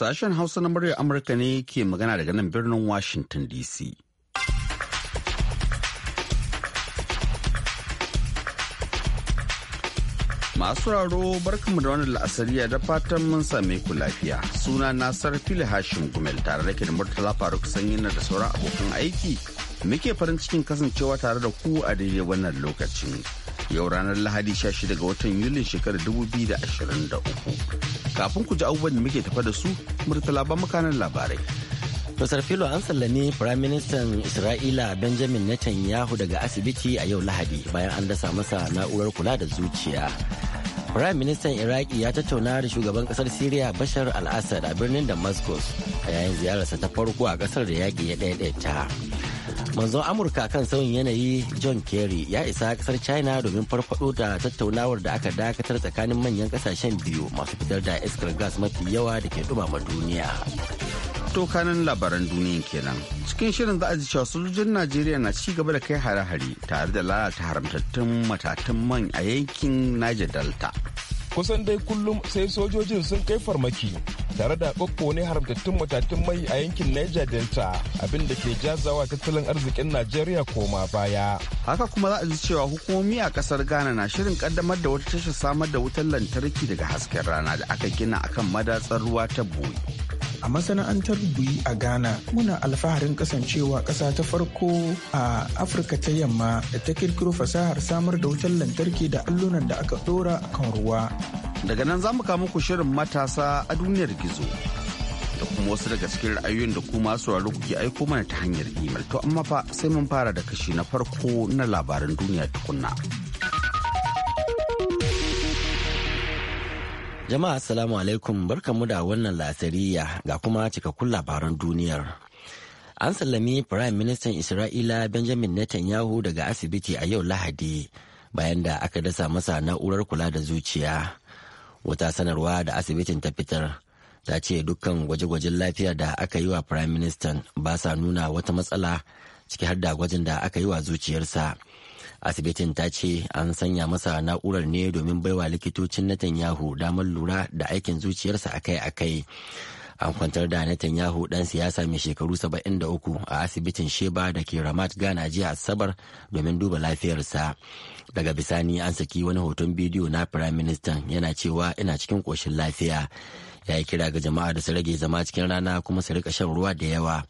Sashen Hausa na muryar Amurka ne ke magana daga nan birnin Washington DC. Masu raro barkanmu da wannan la'asariya da fatan mun same ku lafiya. Suna Nasar Fili Hashim Gumel tare da ke da Murtala Faruk Sanyi na da sauran abokan aiki. muke farin cikin kasancewa tare da ku a daidai wannan lokacin yau ranar lahadi 16 ga watan yulin shekarar 2023 kafin ku ji abubuwan da muke tafa da su murtala ba makanan labarai Dr. Filo an sallami Firaministan Isra'ila Benjamin Netanyahu daga asibiti a yau Lahadi bayan an dasa masa na'urar kula da zuciya. Firaministan Iraki ya tattauna da shugaban kasar Siriya Bashar al-Assad a birnin Damascus a yayin ziyararsa ta farko a kasar da yaƙi ya ɗaiɗaita. manzon amurka kan sauyin yanayi john kerry ya isa kasar china domin farfado da tattaunawar da aka dakatar tsakanin manyan kasashen biyu masu fitar da iskar gas mafi yawa da ke dumama duniya to kanan labaran duniyan kenan cikin shirin za a ji cewa sojojin najeriya na ci gaba da kai hare-hare tare da lalata haramtattun matatan man a yankin niger delta kusan dai kullum sai sojojin sun kai farmaki tare da ne haramtattun matatun mai a yankin niger delta abin da ke jazawa tattalin arzikin najeriya koma baya haka kuma za a ji cewa hukumomi a kasar ghana na shirin kaddamar da wata tashar samar da wutar lantarki daga hasken rana da aka gina akan madatsar ruwa ta boye a masana'antar buyi a ghana muna alfaharin kasancewa ƙasa ta farko a afirka ta yamma da ta kirkiro fasahar samar da wutar lantarki da allunan da aka dora a kan ruwa daga nan za mu kawo muku shirin matasa a duniyar gizo da kuma wasu daga cikin ra'ayoyin da kuma sauraro kuke aiko mana ta hanyar imel to amma fa sai mun fara da kashi na farko na labaran duniya tukunna. Jama'a Assalamu alaikum mu da wannan lasariya ga kuma cikakkun labaran duniyar. An sallami Firayim Ministan Isra'ila Benjamin Netanyahu daga asibiti a yau Lahadi bayan da aka dasa masa na'urar kula da zuciya. Wata sanarwa da asibitin ta fitar ta ce dukkan gwaje-gwajen lafiya da aka yi wa Firayim Ministan ba sa nuna wata matsala ciki har da gwajin da aka yi wa zuciyarsa. asibitin ta ce an sanya masa na'urar ne domin baiwa likitocin Netanyahu damar lura da aikin zuciyarsa akai-akai. An kwantar da Netanyahu dan siyasa mai shekaru 73 a asibitin Sheba da ke Ramat gana jiya Asabar domin duba lafiyarsa. Daga bisani an saki wani hoton bidiyo na Firayim Ministan yana cewa ina cikin ƙoshin lafiya. Ya yi kira ga jama'a da su rage zama cikin rana kuma su rika shan ruwa da yawa.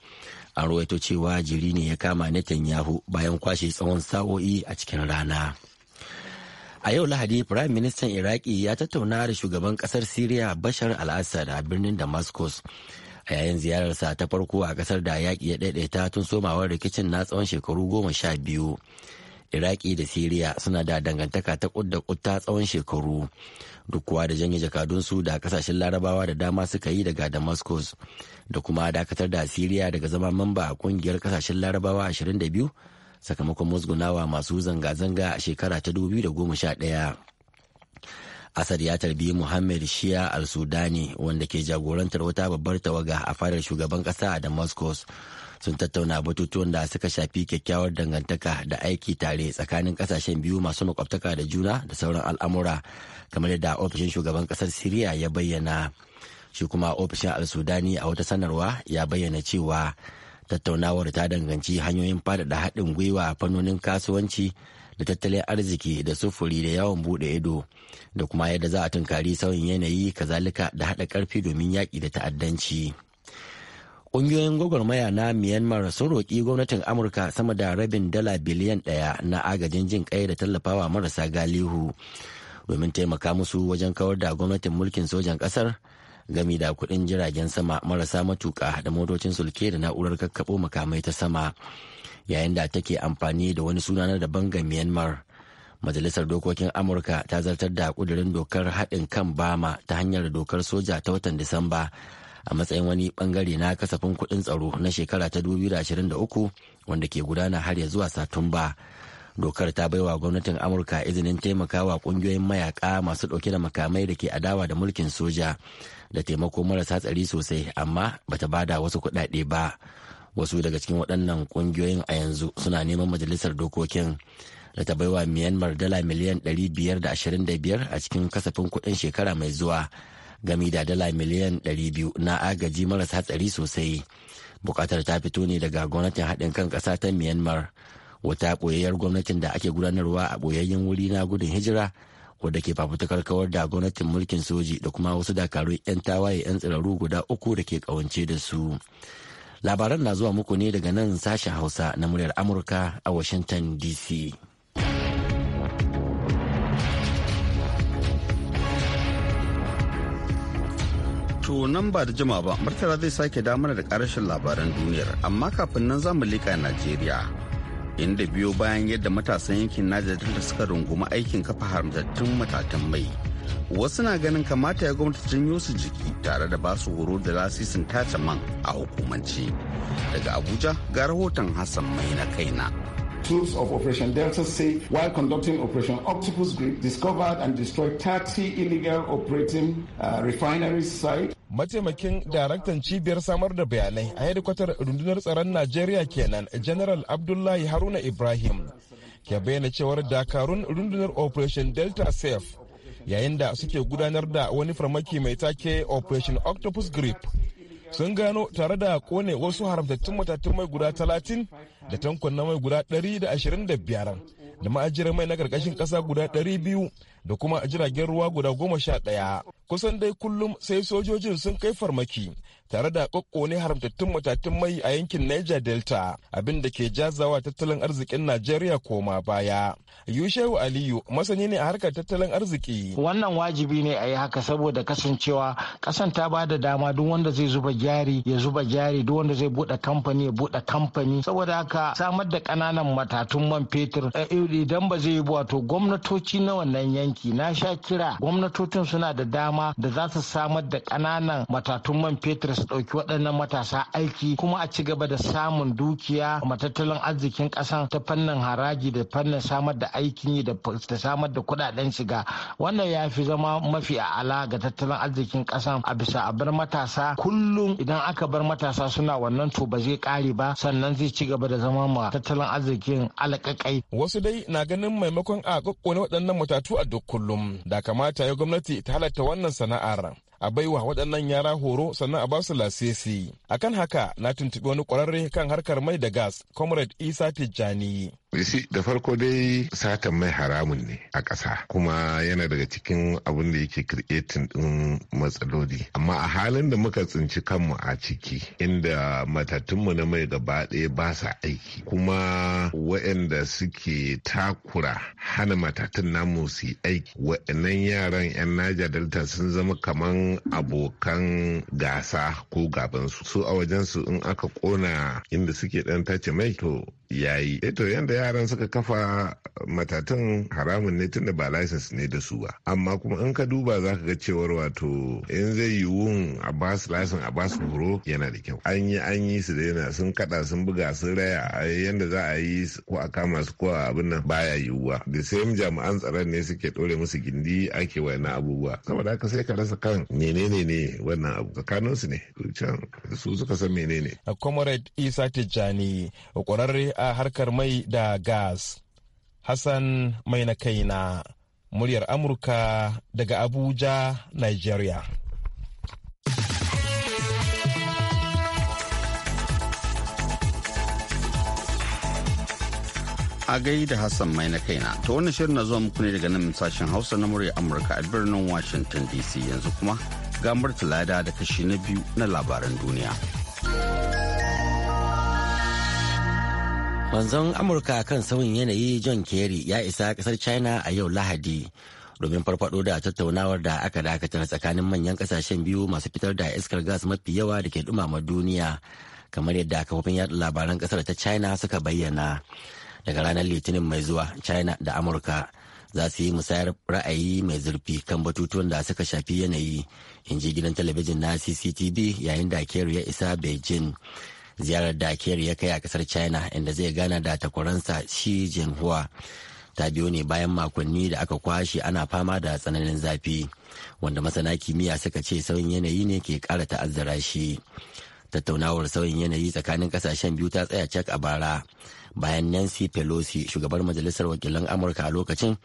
an ruwaito cewa jiri ne ya kama Netanyahu bayan kwashe tsawon sa'o'i a cikin rana. A yau Lahadi, Firayim Ministan Iraki ya tattauna da shugaban kasar Siriya Bashar al-Assad a birnin Damascus. A yayin ziyararsa ta farko a kasar da yaƙi ya ɗaiɗaita tun somawar rikicin na tsawon shekaru goma sha biyu. Iraki da Siriya suna da dangantaka ta ƙudda ƙuta tsawon shekaru. Duk kuwa da janye jakadunsu da kasashen larabawa da dama suka yi daga Damascus. da kuma dakatar da asiriya daga zama mamba a kungiyar kasashen larabawa 22 sakamakon musgunawa masu zanga-zanga a shekara ta 2011. asar ya tarbi Muhammad Shia al-Sudani wanda ke jagorantar wata babbar tawaga a fadar shugaban kasa da Moscow sun tattauna batutuwan da suka shafi kyakkyawar dangantaka da aiki tare tsakanin kasashen biyu masu makwabtaka da juna da sauran al'amura kamar yadda ofishin shugaban kasar Siriya ya bayyana. shi kuma ofishin al-sudani a wata sanarwa ya bayyana cewa tattaunawar ta danganci hanyoyin faɗaɗa haɗin gwiwa fannonin kasuwanci da tattalin arziki da sufuri da yawon buɗe ido da kuma yadda za a tunkari sauyin yanayi kazalika da haɗa ƙarfi domin yaƙi da ta'addanci. Ƙungiyoyin gwagwarmaya na Myanmar sun roƙi gwamnatin Amurka sama da rabin dala biliyan ɗaya na agajin jin ƙai da tallafawa marasa galihu domin taimaka musu wajen kawar da gwamnatin mulkin sojan ƙasar gami da kuɗin jiragen sama marasa matuka da motocin sulke da na'urar kakkaɓo makamai ta sama yayin da take amfani da wani suna na daban ga myanmar majalisar dokokin amurka ta zartar da kudirin dokar haɗin kan bama ta hanyar dokar soja ta watan disamba a matsayin wani bangare na kasafin kuɗin tsaro na shekara ta 2023 wanda ke gudana har ya zuwa satumba dokar ta baiwa gwamnatin amurka izinin taimakawa kungiyoyin mayaka masu dauke da makamai da ke adawa da mulkin soja da taimako marasa tsari sosai amma bata bada wasu kuɗaɗe ba wasu daga cikin waɗannan kungiyoyin a yanzu suna neman majalisar dokokin da ta baiwa myanmar dala miliyan 525 a cikin kasafin kuɗin shekara mai zuwa gami da dala miliyan 200 na agaji marasa tsari sosai bukatar ta fito ne daga gwamnatin haɗin kan ƙasa ta myanmar wata ɓoyayyar gwamnatin da ake gudanarwa a ɓoyayyen wuri na gudun hijira wadda ke fafutukar kawar da gwamnatin mulkin soji da kuma wasu dakarun 'yan tawaye 'yan tsiraru guda uku da ke kawance da su labaran na zuwa muku ne daga nan sashen hausa na muryar amurka a washington dc To nan ba da jima ba, Murtala zai sake damar da karashin labaran duniyar, amma kafin nan zamu a Najeriya. inda biyo bayan yadda matasan yankin Niger da suka rungumi aikin kafa haramtattun matatan mai. Wasu na ganin kamata ya gwamnati janyo su jiki tare da ba su horo da lasisin tace man a hukumance. Daga Abuja ga rahoton Hassan mai na kaina. troops of Operation Delta Safe, while conducting Operation Octopus Grip, discovered and destroyed 30 illegal operating uh, refinery sites. Mataimakin daraktan cibiyar samar da bayanai a hedikwatar rundunar tsaron Najeriya kenan, General Abdullahi Haruna Ibrahim, ke bayyana cewar dakarun rundunar Operation Delta Safe yayin da suke gudanar da wani farmaki mai take Operation Octopus Grip. sun gano tare da kone wasu haramtattun matattun mai guda talatin da tankon na mai guda ɗari da ashirin da biyar da ma'ajiyar mai na ƙarƙashin ƙasa guda ɗari biyu da kuma jiragen ruwa guda goma sha ɗaya kusan dai kullum sai sojojin sun kai farmaki tare da ne haramtattun matatun mai a yankin Niger Delta abin da ke jazawa tattalin arzikin Najeriya koma baya. yushehu Aliyu masani ne a harkar tattalin arziki. Wannan wajibi ne a yi haka saboda kasancewa kasan ta ba da dama duk wanda zai zuba jari ya zuba jari duk wanda zai bude kamfani ya bude kamfani saboda haka samar da kananan matatun man fetur eh, idan ba zai yi wato gwamnatoci na wannan yanki na sha kira gwamnatocin suna da dama dama da za su samar da ƙananan matatun man fetur su ɗauki waɗannan matasa aiki kuma a ci gaba da samun dukiya matattalin arzikin ƙasan ta fannin haraji da fannin samar da aikin yi da samar da kuɗaɗen shiga wannan ya fi zama mafi a'ala ga tattalin arzikin ƙasan a bisa a bar matasa kullum idan aka bar matasa suna wannan to ba zai kare ba sannan zai ci gaba da zama ma tattalin arzikin alaƙaƙai. wasu dai na ganin maimakon a kokkone waɗannan matatu a duk kullum da kamata ya gwamnati ta halatta wannan wannan sana'ar a baiwa waɗannan yara horo sannan a ba su lasisi akan haka na tuntuɓi wani ƙwararre kan harkar mai da gas comrade isa tijjani da farko dai satan mai haramun ne a ƙasa kuma yana daga cikin abin da yake creating ɗin matsaloli amma a halin da muka tsinci kanmu a ciki inda matattunmu na mai gaba ɗaya ba sa aiki kuma waɗanda suke takura hana matatun namu su aiki waɗannan yaran 'yan naja delta sun zama kaman abokan gasa ko gabansu su a wajensu in aka ƙona inda suke ɗan tace mai to ya yi eto eh yadda yaran suka kafa matatan haramun ne tunda ba license ne da su ba amma kuma in ka duba za ka ga cewar wato in zai yiwu a basu license a basu horo yana da kyau an yi an yi su da yana sun kada sun buga sun raya yadda za a yi ko a kama su ko a abin nan baya yiwuwa da same jami'an tsaron ne suke dore musu gindi ake wayannan abubuwa saboda haka sai ka rasa kan menene ne wannan abu su ne su suka san menene comrade isa tijjani kwararre a harkar mai da gas. Hassan mai na kaina muryar Amurka daga Abuja, Nigeria. a da Hassan mai na kaina. Ta wani shirin na zuwa muku ne daga nan sashen Hausa na murya Amurka a birnin Washington DC yanzu kuma ga Murtala da kashi na biyu na labaran duniya. Manzon Amurka kan sauyin yanayi John Kerry ya isa kasar China a yau Lahadi domin farfado da tattaunawar da aka dakatar tsakanin manyan kasashen biyu masu fitar da iskar gas mafi yawa da ke dumama duniya kamar yadda kafofin yada labaran kasar ta China suka bayyana. Daga ranar Litinin mai zuwa China da Amurka za su yi musayar ra'ayi mai zurfi kan batutuwan da suka shafi yanayi in ji gidan talabijin na cctv yayin da kerry ya isa beijing ziyarar da kerry ya kai a kasar china inda zai gana da takwaransa shi jinhua ta biyo ne bayan makonni da aka kwashe ana fama da tsananin zafi wanda masana kimiyya suka ce sauyin yanayi ne ke kara ta'azzara shi tattaunawar sauyin yanayi tsakanin kasashen biyu ta tsaya cak a bara bayan nancy pelosi shugabar majalisar wakilan amurka a lokacin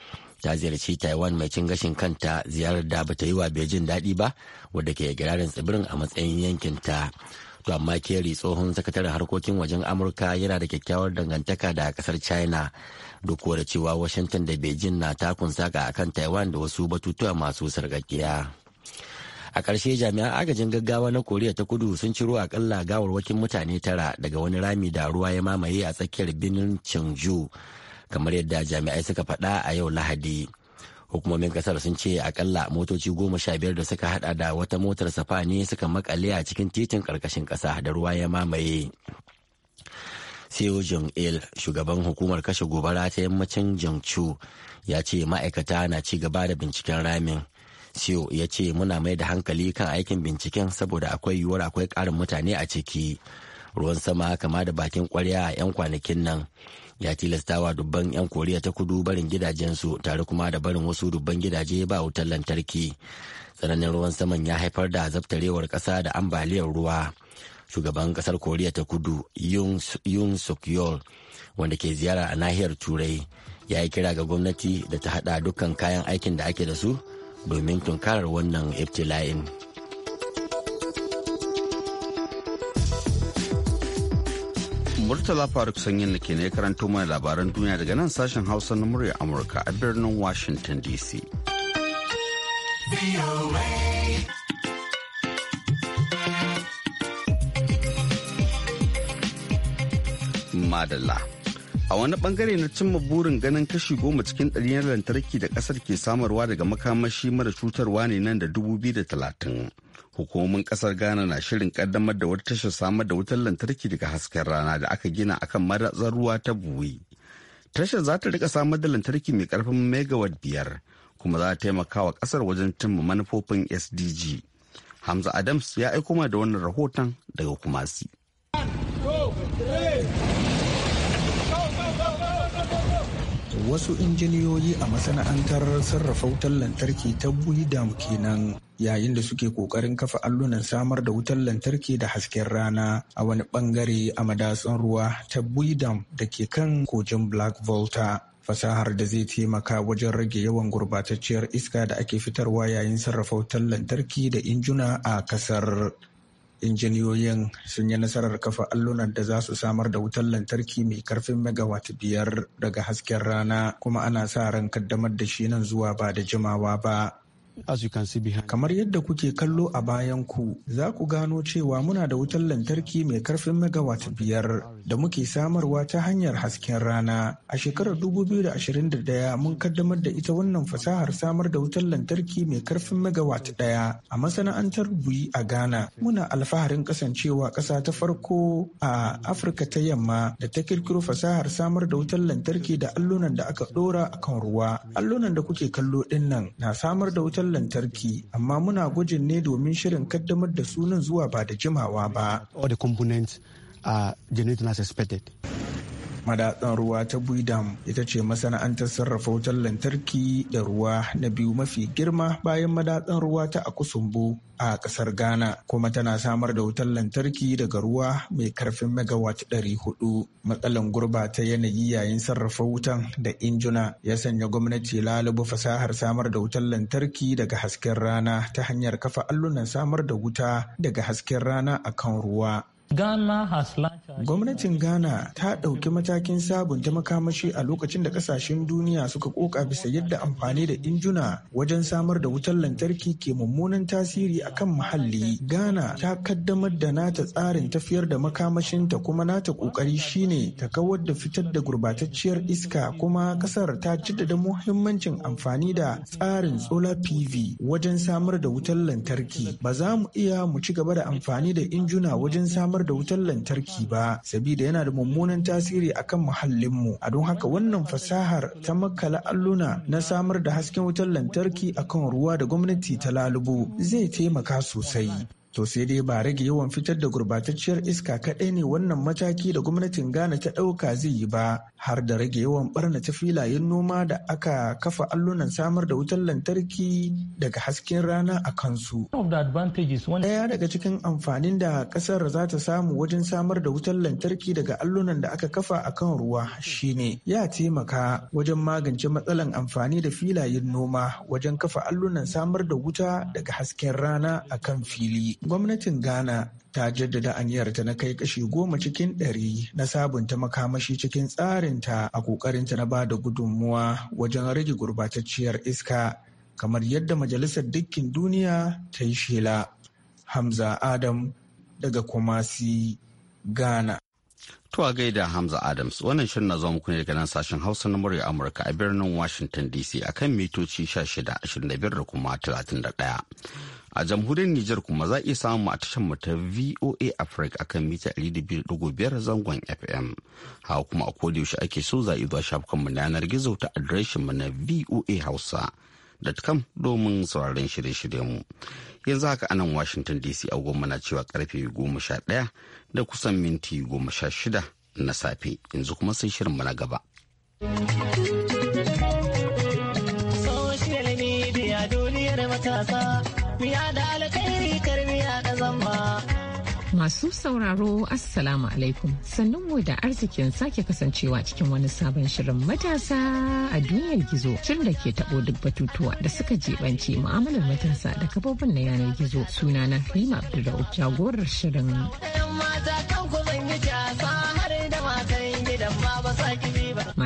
ta ziyarci taiwan mai cin gashin kanta ziyarar da bata yi wa beijing daɗi ba wadda ke girarin tsibirin a matsayin yankinta to amma kerry tsohon sakataren harkokin wajen amurka yana da kyakkyawar dangantaka da kasar china duk da cewa washington da beijing na takun saka a kan taiwan da wasu batutuwa masu sargakiya a ƙarshe jami'an agajin gaggawa na koriya ta kudu sun ciro akalla gawarwakin mutane tara daga wani rami da ruwa ya mamaye a tsakiyar birnin chengju kamar yadda jami'ai suka faɗa a yau lahadi hukumomin kasar sun ce akalla motoci goma sha biyar da suka hada da wata motar safa ne suka makale a cikin titin karkashin kasa da ruwa ya mamaye seo jong il shugaban hukumar kashe gobara ta yammacin jiangsu ya ce ma'aikata na ci gaba da binciken ramin seo ya ce muna mai da hankali kan aikin binciken saboda akwai yiwuwar akwai karin mutane a ciki ruwan sama kama da bakin kwarya a 'yan kwanakin nan ya tilastawa dubban 'yan koriya ta kudu barin gidajensu tare kuma da barin wasu dubban gidaje ba wutar lantarki tsananin ruwan saman ya haifar da zaftarewar ƙasa da ambaliyar ruwa shugaban ƙasar koriya ta kudu yun suk yol wanda ke ziyara a nahiyar turai ya yi kira ga gwamnati da ta haɗa dukkan kayan aikin da ake da su domin tunkarar wannan ibtila'in. Murtala Faruk Sanyin da ke ne karanto mana labaran duniya daga nan sashen Hausa na murya Amurka a birnin Washington DC. Madala, A wani bangare na cimma burin ganin kashi goma cikin ɗari lantarki da ƙasar ke samarwa daga makamashi mara cutarwa ne nan da dubu biyu da talatin. hukumomin kasar ghana na shirin kaddamar da wata tashar samar da wutar lantarki daga hasken rana da aka gina akan madatsar ruwa ta buwi tashar za ta rika samar da lantarki mai karfin megawatt biyar kuma za ta taimaka wa kasar wajen cimma manufofin sdg hamza adams ya aiko mana da wannan rahoton daga kumasi wasu injiniyoyi a masana'antar sarrafa wutar lantarki ta buidam kenan yayin da suke kokarin kafa allunan samar da wutar lantarki da hasken rana a wani bangare a madatsan ruwa ta buidam da ke kan kogin black volta fasahar da zai taimaka wajen rage yawan gurbatacciyar iska da ake fitarwa yayin sarrafa wutar lantarki da injuna a kasar injiniyoyin sun yi nasarar kafa allunan da za su samar da wutar lantarki mai karfin megawatt biyar daga hasken rana kuma ana sa ran kaddamar da shi nan zuwa ba da jimawa ba As you can see behind. Kamar yadda kuke kallo a bayan ku, za ku gano cewa muna da wutar lantarki mai karfin megawatt biyar da muke samarwa ta hanyar hasken rana. A shekarar 2021 mun kaddamar da ita wannan fasahar samar da wutar lantarki mai karfin megawatt ɗaya a masana'antar buyi a Ghana. Muna alfaharin kasancewa ƙasa ta farko a Afirka ta yamma da ta kirkiro fasahar samar da wutar lantarki da allunan da aka ɗora kan ruwa. Allunan da kuke kallo ɗin nan na samar da wutar wutar lantarki amma muna gwajin ne domin shirin kaddamar da sunan zuwa ba da jimawa ba. Madatsan ruwa ta Buidam ita ce masana'antar sarrafa wutar lantarki da ruwa na biyu mafi girma bayan madatsan ruwa ta Akusumbu a kasar Ghana kuma tana samar da wutar lantarki daga ruwa mai karfin megawatt hudu Matsalan gurbata yanayi yayin sarrafa wutan da injuna ya sanya gwamnati lalubu fasahar samar da wutar lantarki daga hasken rana ta hanyar kafa allunan samar da wuta daga hasken rana akan ruwa. Gwamnatin Ghana ta ɗauki matakin sabunta makamashi a lokacin da ƙasashen duniya suka ƙoƙa bisa yadda amfani da injuna wajen samar da wutar lantarki ke mummunan tasiri akan muhalli. Ghana ta kaddamar da nata tsarin tafiyar da makamashinta kuma nata ƙoƙari shine ta kawar da fitar da gurbatacciyar iska kuma ƙasar ta jaddada muhimmancin amfani da tsarin solar PV wajen samar da wutar lantarki. Ba za mu iya mu ci gaba da amfani da injuna wajen samar samar da wutar lantarki ba sabida yana da mummunan tasiri akan muhallinmu a don haka wannan fasahar ta makala alluna na samar da hasken wutar lantarki akan ruwa da gwamnati ta lalubo zai taimaka sosai To sai dai ba rage yawan fitar da gurbatacciyar iska kaɗai ne wannan mataki da gwamnatin Ghana ta ɗauka zai yi ba har da rage yawan ta filayen noma da aka kafa allunan samar da wutar lantarki daga hasken rana a kansu. Ɗaya daga cikin amfanin da ƙasar za ta samu wajen samar da wutar lantarki daga allunan da aka kafa a kan ruwa shine ya taimaka wajen magance matsalan amfani da filayen noma wajen kafa allunan samar da wuta daga hasken rana a kan fili. gwamnatin ghana ta jaddada aniyarta na kai kashi goma cikin ɗari na sabunta makamashi cikin tsarinta a ƙoƙarinta na ba da gudunmuwa wajen rage gurbatacciyar iska kamar yadda majalisar dukkin duniya ta yi shela hamza adam daga kumasi ghana To a gaida Hamza Adams wannan shirin na zuwa muku ne daga nan sashen Hausa na murya Amurka a birnin Washington DC akan mitoci 16, 25 da kuma 31. A jamhuriyar Nijar kuma za iya mu a tashar mu ta VOA Africa akan mita 200.5 zangon FM. Hawa kuma a koda yaushe ake so za iya zuwa shafukan mu na yanar gizo ta adireshin mu na VOA Hausa. com domin sauraron shirye-shiryen mu. Yanzu haka anan Washington DC agogon na cewa karfe 11 da kusan minti 16 na safe. Yanzu kuma sai shirin mu na gaba. Masu sauraro Assalamu alaikum sannan mu da arzikin sake kasancewa cikin wani sabon shirin matasa a duniyar gizo shirin da ke taɓo duk batutuwa da suka jebanci mu'amalar matasa da kafofin na yanar gizo sunana Halima abdullahi jagorar shirin.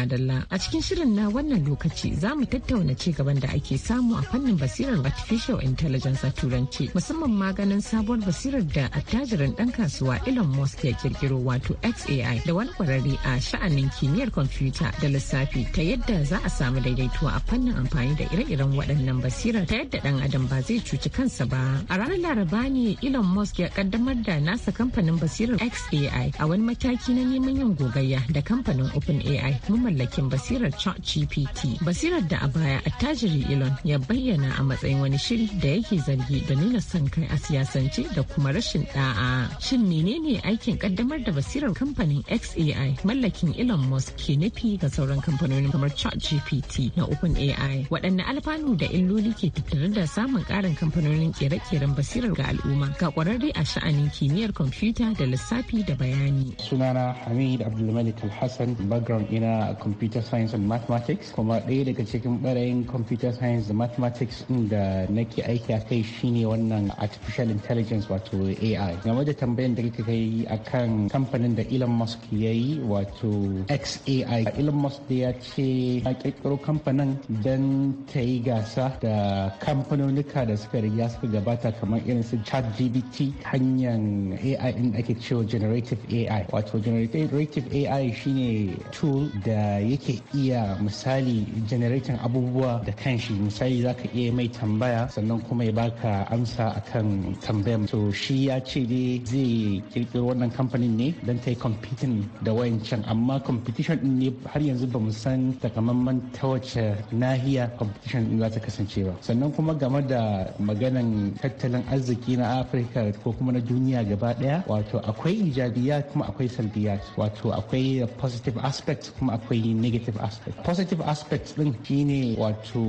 madalla a cikin shirin na wannan lokaci za mu tattauna ci gaban da ake samu a fannin basirar artificial intelligence a turanci musamman maganin sabuwar basirar da attajirin dan kasuwa Elon Musk ya kirkiro wato XAI da wani kwararre a sha'anin kimiyyar kwamfuta da lissafi ta yadda za a samu daidaito a fannin amfani da ire-iren waɗannan basirar ta yadda dan adam ba zai cuci kansa ba a ranar laraba ne Elon Musk ya kaddamar da nasa kamfanin basirar XAI a wani mataki na neman yin gogayya da kamfanin OpenAI mun mallakin basirar ChatGPT. Basirar da a baya attajiri Elon ya bayyana a matsayin wani shiri da yake zargi da nuna son kai a siyasance da kuma rashin da'a. Shin menene aikin kaddamar da basirar kamfanin XAI mallakin Elon Musk ke nufi ga sauran kamfanonin kamar ChatGPT na OpenAI? Waɗanne alfanu da illoli ke tattare da samun ƙarin kamfanonin kere-keren basirar ga al'umma ga ƙwararre a sha'anin kimiyyar kwamfuta da lissafi da bayani. Sunana Hamid Abdulmalik Alhassan background ina computer science and mathematics kuma ɗaya daga cikin ɓarayin computer science da mathematics ɗin da nake aiki a kai shine wannan artificial intelligence wato AI. Game da tambayan da kika kai akan kamfanin da Elon Musk ya yi wato XAI. Elon Musk da ya ce a ƙirƙiro kamfanin don ta yi gasa da kamfanonika da suka riga suka gabata kamar irin su chat GBT hanyar AI ɗin ake cewa generative AI. Wato generative AI shine tool da yake iya misali generating abubuwa da kanshi misali za ka iya mai tambaya sannan kuma ya baka amsa akan tambayar to shi ya ce dai zai kirkiro wannan kamfanin ne don ta yi competing da wayancan amma competition din ne har yanzu ba mu san takamaiman ta wace nahiya competition din za ta kasance ba sannan kuma game da maganan tattalin arziki na afirka ko kuma na duniya gaba daya wato akwai ijabiya kuma akwai salbiya wato akwai positive aspect kuma akwai akwai negative aspect positive aspect din shine wato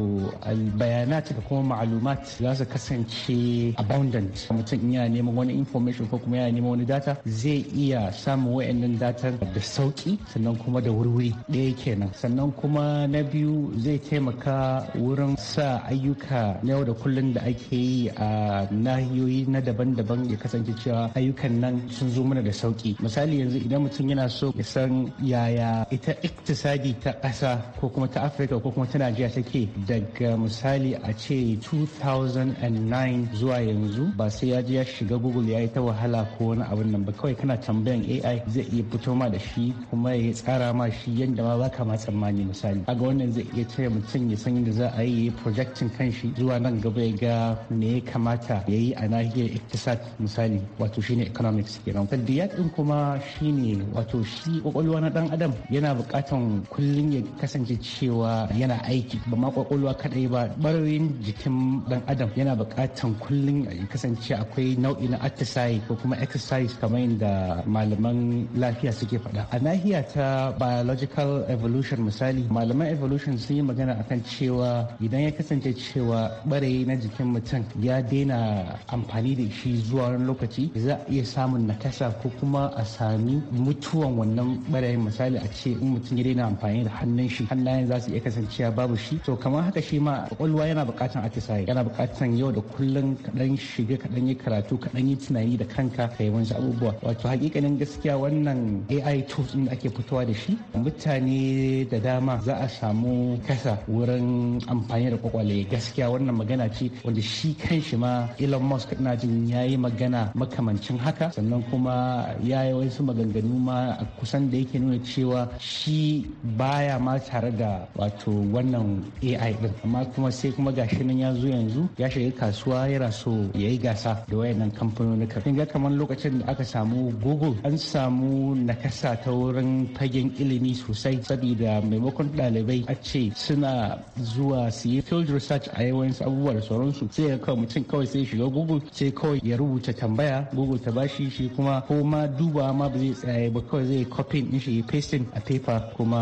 bayanat da kuma ma'alumat za su kasance abundant mutum yana neman wani information ko kuma yana neman wani data zai iya samun wayannan data da sauki sannan kuma da wurwuri ɗaya kenan sannan kuma na biyu zai taimaka wurin sa ayyuka na yau da kullum da ake yi a nahiyoyi na daban-daban ya kasance cewa ayyukan nan sun zo mana da sauki misali yanzu idan mutum yana so ya san yaya ita iktisa misali ta ƙasa ko kuma ta afirka ko kuma ta najeriya take daga misali a ce 2009 zuwa yanzu ba sai ya je ya shiga google ya yi ta wahala ko wani abin nan ba kawai kana tambayan ai zai iya fito ma da shi kuma ya tsara ma shi yadda ma baka ma tsammani misali a ga wannan zai iya cire mutum ya san yadda za a yi projectin shi zuwa nan gaba ya ga me ya kamata ya yi a nahiyar iktisat misali wato shine economics kenan taddiyat ɗin kuma shine wato shi kwakwalwa na ɗan adam yana bukatan kullum ya kasance cewa yana aiki ba ma kwakwalwa kadai ba barayin jikin dan adam yana bukatan kullum ya kasance akwai nau'i na atisaye ko kuma exercise kamar yadda malaman lafiya suke faɗa a nahiya ta biological evolution misali malaman evolution sun yi magana akan cewa idan ya kasance cewa barayi na jikin mutum ya daina amfani da shi zuwa wani lokaci za a iya samun nakasa ko kuma a sami mutuwan wannan barayin misali a ce in mutum ya daina yana amfani da hannun shi hannayen za su iya kasancewa babu shi to kamar haka shi ma kwakwalwa yana bukatan atisaye yana bukatan yau da kullum kaɗan shiga kaɗan yi karatu kaɗan yi tunani da kanka ka yi wani abubuwa wato hakikanin gaskiya wannan AI tools da ake fitowa da shi mutane da dama za a samu kasa wurin amfani da kwakwale gaskiya wannan magana ce wanda shi kanshi ma Elon Musk ina jin yayi magana makamancin haka sannan kuma ya yi wasu maganganu ma kusan da yake nuna cewa shi baya ma tare da wato wannan AI din amma kuma sai kuma gashi nan ya zo yanzu ya shiga kasuwa yana so ya yi gasa da wayannan kamfanoni in ga kamar lokacin da aka samu Google an samu nakasa ta wurin fagen ilimi sosai saboda maimakon ɗalibai a ce suna zuwa su yi field research a yawan abubuwa da sauransu sai ya kawai mutum kawai sai shiga Google sai kawai ya rubuta tambaya Google ta bashi shi kuma ko ma duba ma ba zai tsaye ba kawai zai copy in shi paste a paper kuma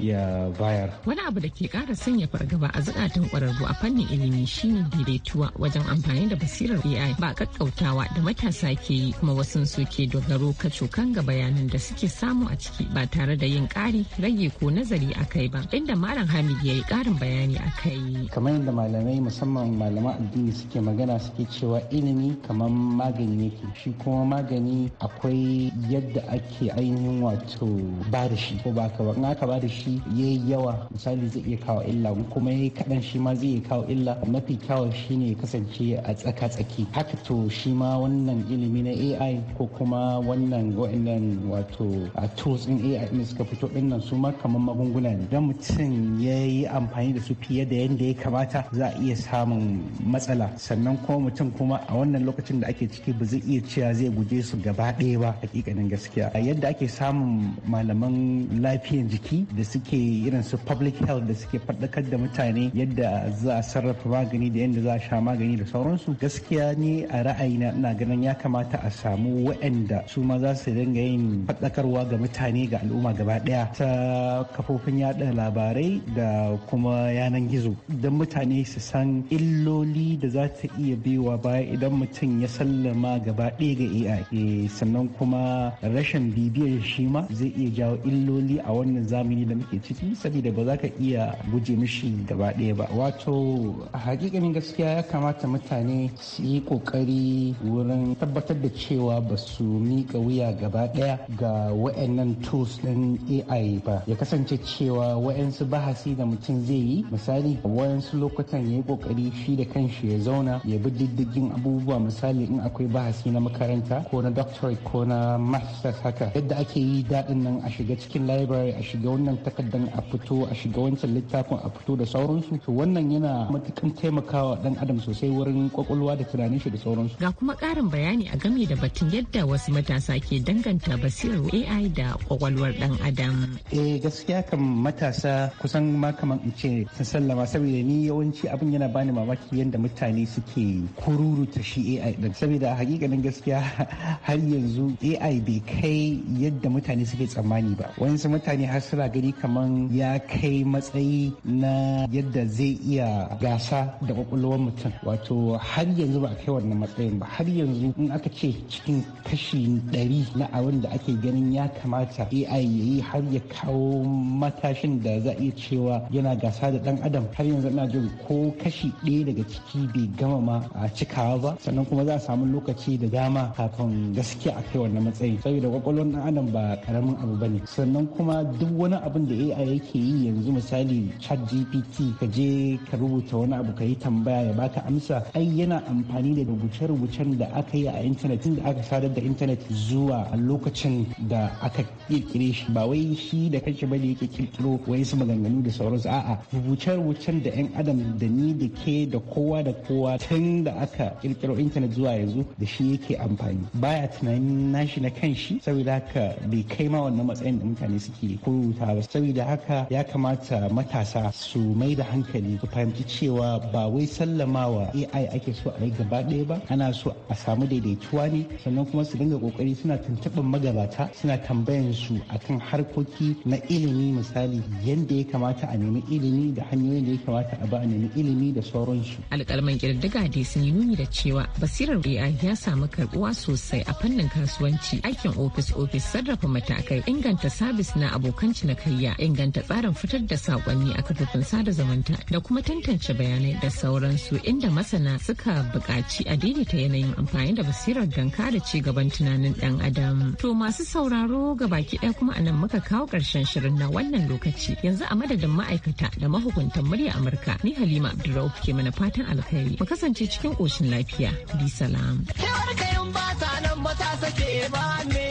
ya bayar. Wani abu da ke kara sanya fargaba a zukatan kwararru a fannin ilimi shine daidaituwa wajen amfani da basirar AI ba kakkautawa da matasa ke yi kuma wasu su ke dogaro kacokan ga bayanan da suke samu a ciki ba tare da yin kari rage ko nazari a kai ba inda malam Hamid ya yi ƙarin bayani a kai. Kamar yadda malamai musamman malaman addini suke magana suke cewa ilimi kamar magani ke shi kuma magani akwai yadda ake ainihin wato ba da shi ko ba ka ba in aka ba da shi ya yi yawa misali zai iya kawo illa kuma ya yi kaɗan shi ma zai iya kawo illa mafi kyawun shi ne kasance a tsaka-tsaki haka to shi ma wannan ilimi na ai ko kuma wannan wa'annan wato a tools in ai ne suka fito nan su ma kamar magunguna ne idan mutum ya yi amfani da su fiye da yadda ya kamata za a iya samun matsala sannan kuma mutum kuma a wannan lokacin da ake ciki ba zai iya cewa zai guje su gaba ɗaya ba hakikanin gaskiya yadda ake samun malaman lafiyan jiki da suke irin su public health da suke faɗakar da mutane yadda za a sarrafa magani da yadda za a sha magani da sauransu gaskiya ne a ra'ayina ina ganin ya kamata a samu waɗanda su ma za su dinga yin faɗakarwa ga mutane ga al'umma gaba ɗaya ta kafofin yaɗa labarai da kuma yanan gizo don mutane su san illoli da za ta iya biwa baya idan mutum ya sallama gaba ɗaya ga AI eh, sannan kuma rashin bibiyar shi ma zai iya jawo illoli a wannan wannan zamani da muke ciki saboda ba za ka iya guje mishi gaba ɗaya ba wato hakikanin gaskiya ya kamata mutane su yi kokari wurin tabbatar da cewa ba su mika wuya gaba ɗaya ga wa'annan tools ɗin ai ba ya kasance cewa wa'ansu bahasi da mutum zai yi misali wa'ansu lokutan ya yi kokari shi da kanshi ya zauna ya bi diddigin abubuwa misali in akwai bahasi na makaranta ko na doctorate ko na masters haka yadda ake yi daɗin nan a shiga cikin library a shiga wannan takardar a fito a shiga wancan littafin a fito da sauransu to wannan yana matukan taimakawa dan adam sosai wurin kwakwalwa da tunanin shi da sauransu ga kuma karin bayani a game da batun yadda wasu matasa ke danganta basirar AI da kwakwalwar dan adam eh gaskiya kan matasa kusan ma kaman in ce sun sallama saboda ni yawanci abin yana bani mamaki yadda mutane suke kururuta shi AI din saboda hakikanin gaskiya har yanzu AI bai kai yadda mutane suke tsammani ba wayansu mutane har hasira gani kaman ya kai matsayi na yadda zai iya gasa da kwakwalwar mutum wato har yanzu ba a kai wannan matsayin ba har yanzu in aka ce cikin kashi ɗari na abin da ake ganin ya kamata ai ya yi har ya kawo matashin da za iya cewa yana gasa da ɗan adam har yanzu ina jin ko kashi ɗaya daga ciki bai gama ma a cikawa ba sannan kuma za a samu lokaci da dama kafin gaskiya a kai wannan matsayin saboda kwakwalwar ɗan adam ba karamin abu ba ne sannan kuma duk duk wani abin da AI yake yi yanzu misali chat GPT ka je ka rubuta wani abu ka yi tambaya ya baka amsa ai yana amfani da rubuce-rubucen da aka yi a intanet tun da aka sadar da intanet zuwa lokacin da aka kirkire shi ba wai shi da kanshi ba da yake kirkiro wai su maganganu da sauransu a'a rubuce-rubucen da 'yan adam da ni da ke da kowa da kowa tun da aka kirkiro intanet zuwa yanzu da shi yake amfani baya tunanin nashi na kanshi saboda haka bai kai ma wannan matsayin da mutane suke ko wuta ba saboda haka ya kamata matasa su mai da hankali su fahimci cewa ba wai sallamawa AI ake so a yi gaba ɗaya ba ana so a samu daidaituwa ne sannan kuma su dinga kokari suna tuntuɓin magabata suna tambayan su akan harkoki na ilimi misali yadda ya kamata a nemi ilimi da hanyoyin da ya kamata a ba a nemi ilimi da sauransu. Alƙalman ƙirdiga dai sun yi nuni da cewa basirar AI ya samu karɓuwa sosai a fannin kasuwanci aikin ofis ofis sarrafa matakai inganta sabis na abokan na karya inganta tsarin fitar da sakonni a kafofin sada zumunta da kuma tantance bayanai da sauransu inda masana suka buƙaci a daidaita yanayin amfani da basirar danka da ci gaban tunanin dan adam. To masu sauraro ga baki ɗaya kuma anan muka kawo ƙarshen shirin na wannan lokaci yanzu a madadin ma'aikata da mahukuntan murya Amurka ni Halima Abdurrauf ke mana fatan alkhairi mu kasance cikin koshin lafiya. Bi salam. ka yi ba ta nan ba ta sake ba ne.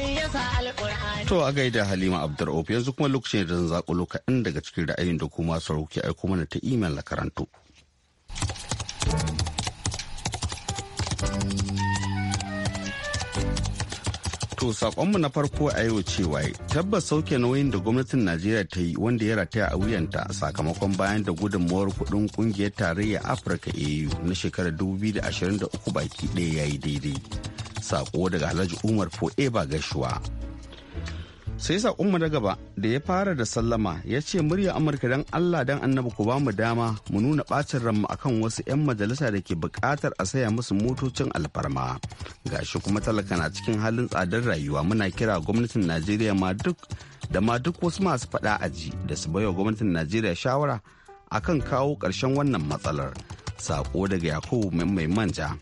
To a gaida Halima Abdur'uf yanzu kuma lokacin da zan zaƙo lokacin daga cikin ra'ayin da kuma sarauki aiko mana ta imel na karanto. To saƙonmu na farko a yau cewa tabbas sauke nauyin da gwamnatin Najeriya ta yi wanda ya rataya a wuyanta sakamakon bayan da gudunmawar kudin kungiyar tarayya Afirka AU na shekarar 2023 baki ɗaya ya yi daidai. saƙo daga Alhaji Umar Fo'eba Gashuwa. sai saƙonmu na gaba da ya fara da sallama ya ce murya amurka don allah don annabi ku ba mu dama mu nuna ɓacin ranmu akan wasu 'yan majalisa da ke bukatar a saya musu motocin alfarma gashi kuma talaka na cikin halin tsadar rayuwa muna kira gwamnatin najeriya ma duk da ma duk wasu masu faɗa aji da su baiwa gwamnatin najeriya shawara akan kawo ƙarshen wannan matsalar sako daga yakubu mai manja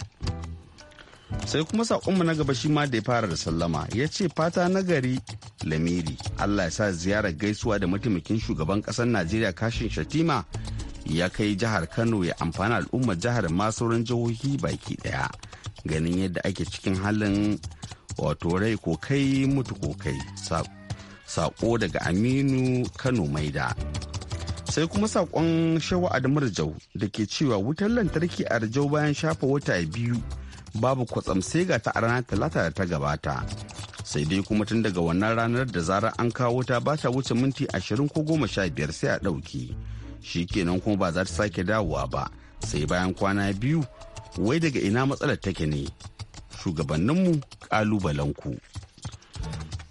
sai kuma saƙonmu na gaba shi ma da ya fara da sallama ya ce fata nagari lamiri allah ya sa ziyarar gaisuwa da mataimakin shugaban ƙasar najeriya kashin shatima ya kai jihar kano ya amfana al'ummar jihar ma sauran jihohi baki ɗaya ganin yadda ake cikin halin wato rai ko kai mutu ko kai saƙo daga aminu kano mai da. sai kuma saƙon shawa adamar jau da ke cewa wutar lantarki a rajau bayan shafa wata biyu babu kwatsam sai ga ta a talata da ta gabata sai dai kuma tun daga wannan ranar da zarar an kawo ta ba ta wuce minti ashirin ko goma sha biyar sai a ɗauki shi kenan kuma ba za ta sake dawowa ba sai bayan kwana biyu wai daga ina matsalar take ne shugabanninmu ƙalubalenku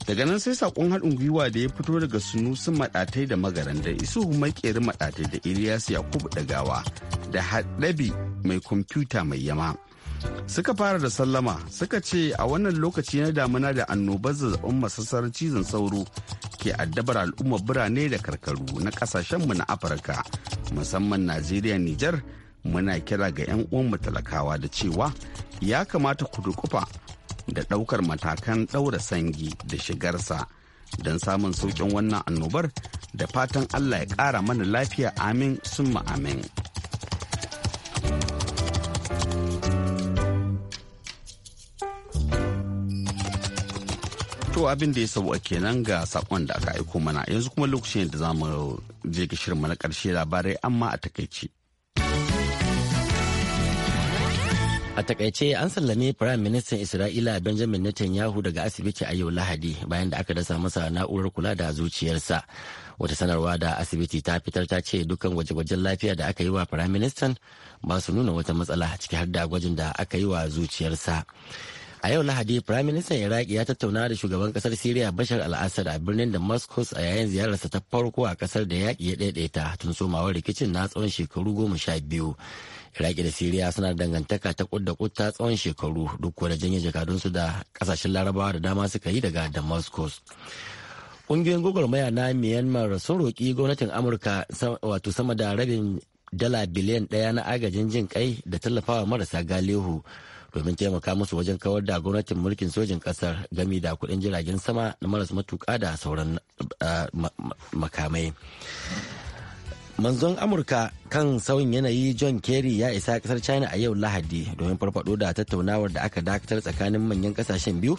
daga nan sai sakon haɗin gwiwa da ya fito daga sun maɗatai da magaran da isuhu maƙerin maɗatai da ilyasu yakubu dagawa da haɗabi mai kwamfuta mai yama suka fara da sallama suka ce a wannan lokaci na damuna da annobar zazzabin masasar cizon sauro ke addabar al'ummar birane da karkaru na kasashenmu na afirka musamman najeriya nijar muna kira ga 'yan uwanmu talakawa da cewa ya kamata ku dukufa da ɗaukar matakan ɗaura sangi da shigarsa don samun sauƙin wannan annobar da fatan allah ya ƙara mana lafiya amin summa amin. To abin da ya sabu kenan ga sakon da aka aiko mana yanzu kuma lokacin da za mu je ga shirin na karshe labarai amma a takaice. A takaice an sallame Firayim Ministan Isra'ila Benjamin Netanyahu daga asibiti a yau Lahadi bayan da aka dasa masa na'urar kula da zuciyarsa. Wata sanarwa da asibiti ta fitar ta ce dukkan gwaje-gwajen lafiya da aka yi wa Firayim Ministan ba su nuna wata matsala ciki har da gwajin da aka yi wa zuciyarsa. a yau lahadi firaministan Iraq ya tattauna da shugaban kasar syria bashar al-assad a birnin damascus a yayin ziyararsa ta farko a kasar da yaƙi ya ɗaiɗaita tun somawar rikicin na tsawon shekaru goma sha biyu iraki da syria suna dangantaka ta kudda kutta tsawon shekaru duk da janye jakadunsu da kasashen larabawa da dama suka yi daga damascus ƙungiyoyin gwagwarmaya na myanmar sun roƙi gwamnatin amurka wato sama da rabin dala biliyan daya na agajin jin kai da tallafawa marasa galihu domin taimaka musu wajen kawar da gwamnatin mulkin sojin kasar gami da kudin jiragen sama na maras matuka da sauran makamai. manzon amurka kan sauyin yanayi john kerry ya isa kasar china a yau lahadi domin farfado da tattaunawar da aka dakatar tsakanin manyan kasashen biyu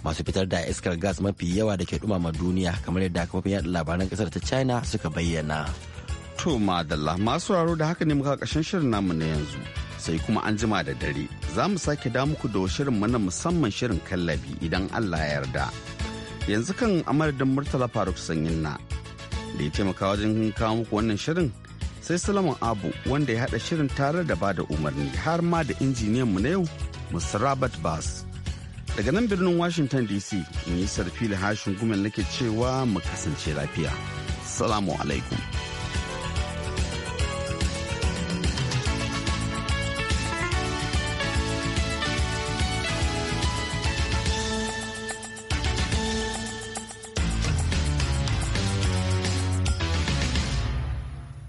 masu fitar da iskar gas mafi yawa da ke dumama duniya kamar yadda kafofin yada labaran kasar ta china suka bayyana to madalla masu raro da haka ne muka shirin namu na yanzu sai kuma an jima da dare za mu sake da muku da shirin mana musamman shirin kallabi idan Allah ya yarda. Yanzu kan amadadin Murtala Faruk Sanyin na da ya taimaka wajen kawo muku wannan shirin sai Salamun Abu wanda ya haɗa shirin tare da bada umarni har ma da injiniyan mu na yau Mr. Robert bas. Daga nan birnin Washington DC, sarfi la Hashin Gumel nake cewa mu kasance lafiya. Salamu alaikum.